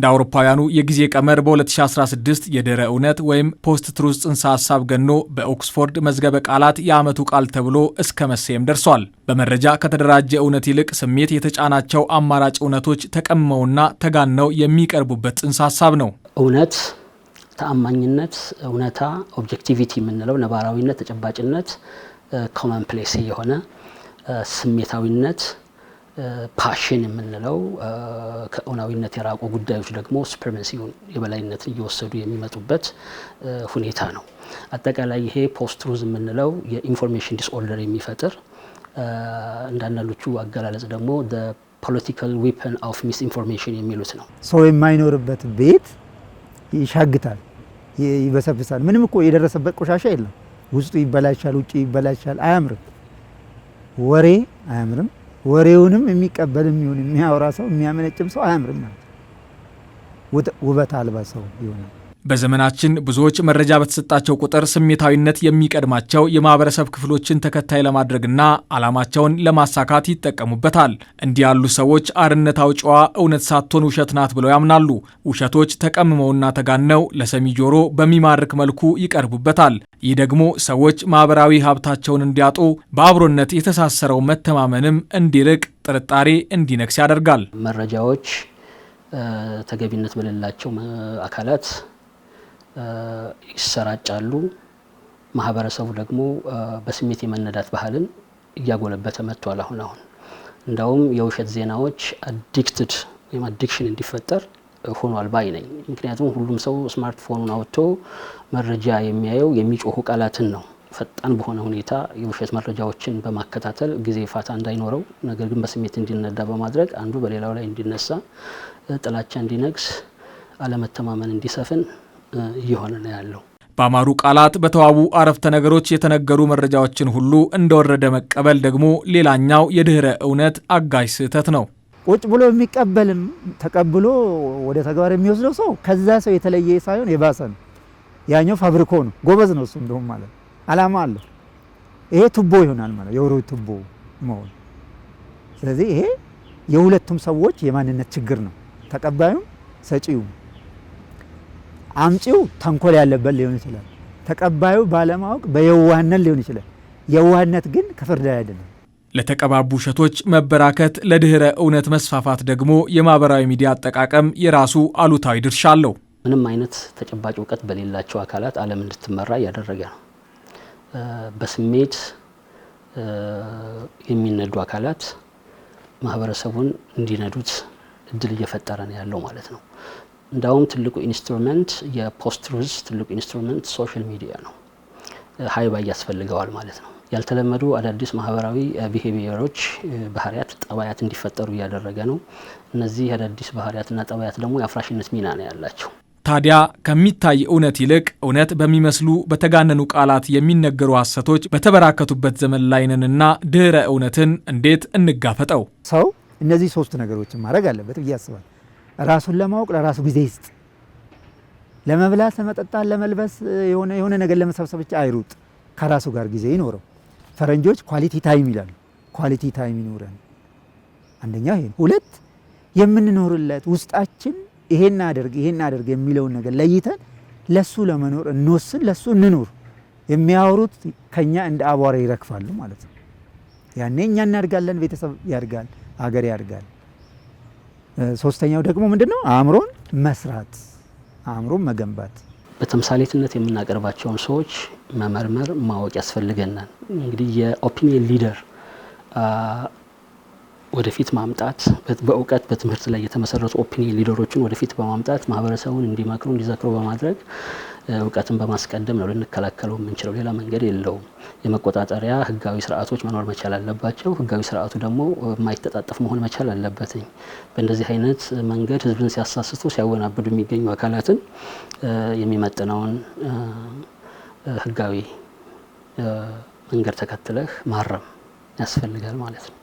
እንደ አውሮፓውያኑ የጊዜ ቀመር በ2016 የድህረ እውነት ወይም ፖስት ትሩዝ ጽንሰ ሀሳብ ገኖ በኦክስፎርድ መዝገበ ቃላት የዓመቱ ቃል ተብሎ እስከ መሰየም ደርሷል። በመረጃ ከተደራጀ እውነት ይልቅ ስሜት የተጫናቸው አማራጭ እውነቶች ተቀመውና ተጋነው የሚቀርቡበት ጽንሰ ሀሳብ ነው። እውነት፣ ተአማኝነት፣ እውነታ፣ ኦብጀክቲቪቲ የምንለው ነባራዊነት፣ ተጨባጭነት፣ ፕሌስ የሆነ ስሜታዊነት ፓሽን የምንለው ከእውናዊነት የራቁ ጉዳዮች ደግሞ ስፕሪመሲውን የበላይነትን እየወሰዱ የሚመጡበት ሁኔታ ነው። አጠቃላይ ይሄ ፖስት የምንለው የኢንፎርሜሽን ዲስኦርደር የሚፈጥር እንዳንዳንዶቹ አገላለጽ ደግሞ ፖለቲካል ዌፐን ኦፍ ሚስ ኢንፎርሜሽን የሚሉት ነው። ሰው የማይኖርበት ቤት ይሻግታል፣ ይበሰብሳል። ምንም እኮ የደረሰበት ቆሻሻ የለም። ውስጡ ይበላሻል፣ ውጭ ይበላሻል፣ አያምርም። ወሬ አያምርም። ወሬውንም የሚቀበል የሚሆን የሚያወራ ሰው የሚያመነጭም ሰው አያምርም ማለት ውበት አልባ ሰው ይሆናል። በዘመናችን ብዙዎች መረጃ በተሰጣቸው ቁጥር ስሜታዊነት የሚቀድማቸው የማህበረሰብ ክፍሎችን ተከታይ ለማድረግና ዓላማቸውን ለማሳካት ይጠቀሙበታል። እንዲህ ያሉ ሰዎች አርነት አውጪዋ እውነት ሳትሆን ውሸት ናት ብለው ያምናሉ። ውሸቶች ተቀምመውና ተጋነው ለሰሚ ጆሮ በሚማርክ መልኩ ይቀርቡበታል። ይህ ደግሞ ሰዎች ማህበራዊ ሀብታቸውን እንዲያጡ፣ በአብሮነት የተሳሰረው መተማመንም እንዲርቅ፣ ጥርጣሬ እንዲነግስ ያደርጋል። መረጃዎች ተገቢነት በሌላቸው አካላት ይሰራጫሉ። ማህበረሰቡ ደግሞ በስሜት የመነዳት ባህልን እያጎለበተ መጥቷል። አሁን አሁን እንደውም የውሸት ዜናዎች አዲክትድ ወይም አዲክሽን እንዲፈጠር ሆኗል ባይ ነኝ። ምክንያቱም ሁሉም ሰው ስማርትፎኑን አውጥቶ መረጃ የሚያየው የሚጮሁ ቃላትን ነው። ፈጣን በሆነ ሁኔታ የውሸት መረጃዎችን በማከታተል ጊዜ ፋታ እንዳይኖረው፣ ነገር ግን በስሜት እንዲነዳ በማድረግ አንዱ በሌላው ላይ እንዲነሳ፣ ጥላቻ እንዲነግስ፣ አለመተማመን እንዲሰፍን እየሆነ ነው ያለው። በአማሩ ቃላት በተዋቡ አረፍተ ነገሮች የተነገሩ መረጃዎችን ሁሉ እንደወረደ መቀበል ደግሞ ሌላኛው የድህረ እውነት አጋዥ ስህተት ነው። ቁጭ ብሎ የሚቀበልም ተቀብሎ ወደ ተግባር የሚወስደው ሰው ከዛ ሰው የተለየ ሳይሆን የባሰ ነው። ያኛው ፋብሪኮ ነው፣ ጎበዝ ነው እሱ። እንደውም ማለት አላማ አለው። ይሄ ቱቦ ይሆናል ማለት የወሮ ቱቦ መሆን። ስለዚህ ይሄ የሁለቱም ሰዎች የማንነት ችግር ነው፣ ተቀባዩም ሰጪውም። አምጪው ተንኮል ያለበት ሊሆን ይችላል። ተቀባዩ ባለማወቅ በየዋህነት ሊሆን ይችላል። የዋህነት ግን ከፍርድ አይደለም። ለተቀባቡ ውሸቶች መበራከት፣ ለድህረ እውነት መስፋፋት ደግሞ የማህበራዊ ሚዲያ አጠቃቀም የራሱ አሉታዊ ድርሻ አለው። ምንም አይነት ተጨባጭ እውቀት በሌላቸው አካላት ዓለም እንድትመራ እያደረገ ነው። በስሜት የሚነዱ አካላት ማህበረሰቡን እንዲነዱት እድል እየፈጠረ ነው ያለው ማለት ነው። እንዳውም ትልቁ ኢንስትሩመንት የፖስትሩዝ ትልቁ ኢንስትሩመንት ሶሻል ሚዲያ ነው። ሀይባ እያስፈልገዋል ማለት ነው። ያልተለመዱ አዳዲስ ማህበራዊ ቢሄቪየሮች፣ ባህሪያት፣ ጠባያት እንዲፈጠሩ እያደረገ ነው። እነዚህ አዳዲስ ባህሪያትና ጠባያት ደግሞ የአፍራሽነት ሚና ነው ያላቸው። ታዲያ ከሚታይ እውነት ይልቅ እውነት በሚመስሉ በተጋነኑ ቃላት የሚነገሩ ሀሰቶች በተበራከቱበት ዘመን ላይ ነንና ድህረ እውነትን እንዴት እንጋፈጠው? ሰው እነዚህ ሶስት ነገሮችን ማድረግ አለበት ብዬ አስባለሁ። ራሱን ለማወቅ ለራሱ ጊዜ ይስጥ። ለመብላት፣ ለመጠጣት፣ ለመልበስ የሆነ ነገር ለመሰብሰብ ብቻ አይሩጥ። ከራሱ ጋር ጊዜ ይኖረው። ፈረንጆች ኳሊቲ ታይም ይላሉ። ኳሊቲ ታይም ይኖረን። አንደኛ ይሄ ሁለት የምንኖርለት ውስጣችን ይሄን አድርግ ይሄን አድርግ የሚለውን ነገር ለይተን ለሱ ለመኖር እንወስን፣ ለሱ እንኖር። የሚያወሩት ከኛ እንደ አቧራ ይረግፋሉ ማለት ነው። ያኔ እኛ እናድጋለን፣ ቤተሰብ ያድጋል፣ አገር ያድጋል። ሶስተኛው ደግሞ ምንድነው? አእምሮን መስራት፣ አእምሮን መገንባት። በተምሳሌትነት የምናቀርባቸውን ሰዎች መመርመር፣ ማወቅ ያስፈልገናል። እንግዲህ የኦፒኒየን ሊደር ወደፊት ማምጣት በእውቀት በትምህርት ላይ የተመሰረቱ ኦፒኒየን ሊደሮችን ወደፊት በማምጣት ማህበረሰቡን እንዲመክሩ እንዲዘክሩ በማድረግ እውቀትን በማስቀደም ነው ልንከላከለው የምንችለው። ሌላ መንገድ የለውም። የመቆጣጠሪያ ህጋዊ ስርዓቶች መኖር መቻል አለባቸው። ህጋዊ ስርዓቱ ደግሞ የማይተጣጠፍ መሆን መቻል አለበትኝ። በእንደዚህ አይነት መንገድ ህዝብን ሲያሳስቱ፣ ሲያወናብዱ የሚገኙ አካላትን የሚመጥነውን ህጋዊ መንገድ ተከትለህ ማረም ያስፈልጋል ማለት ነው።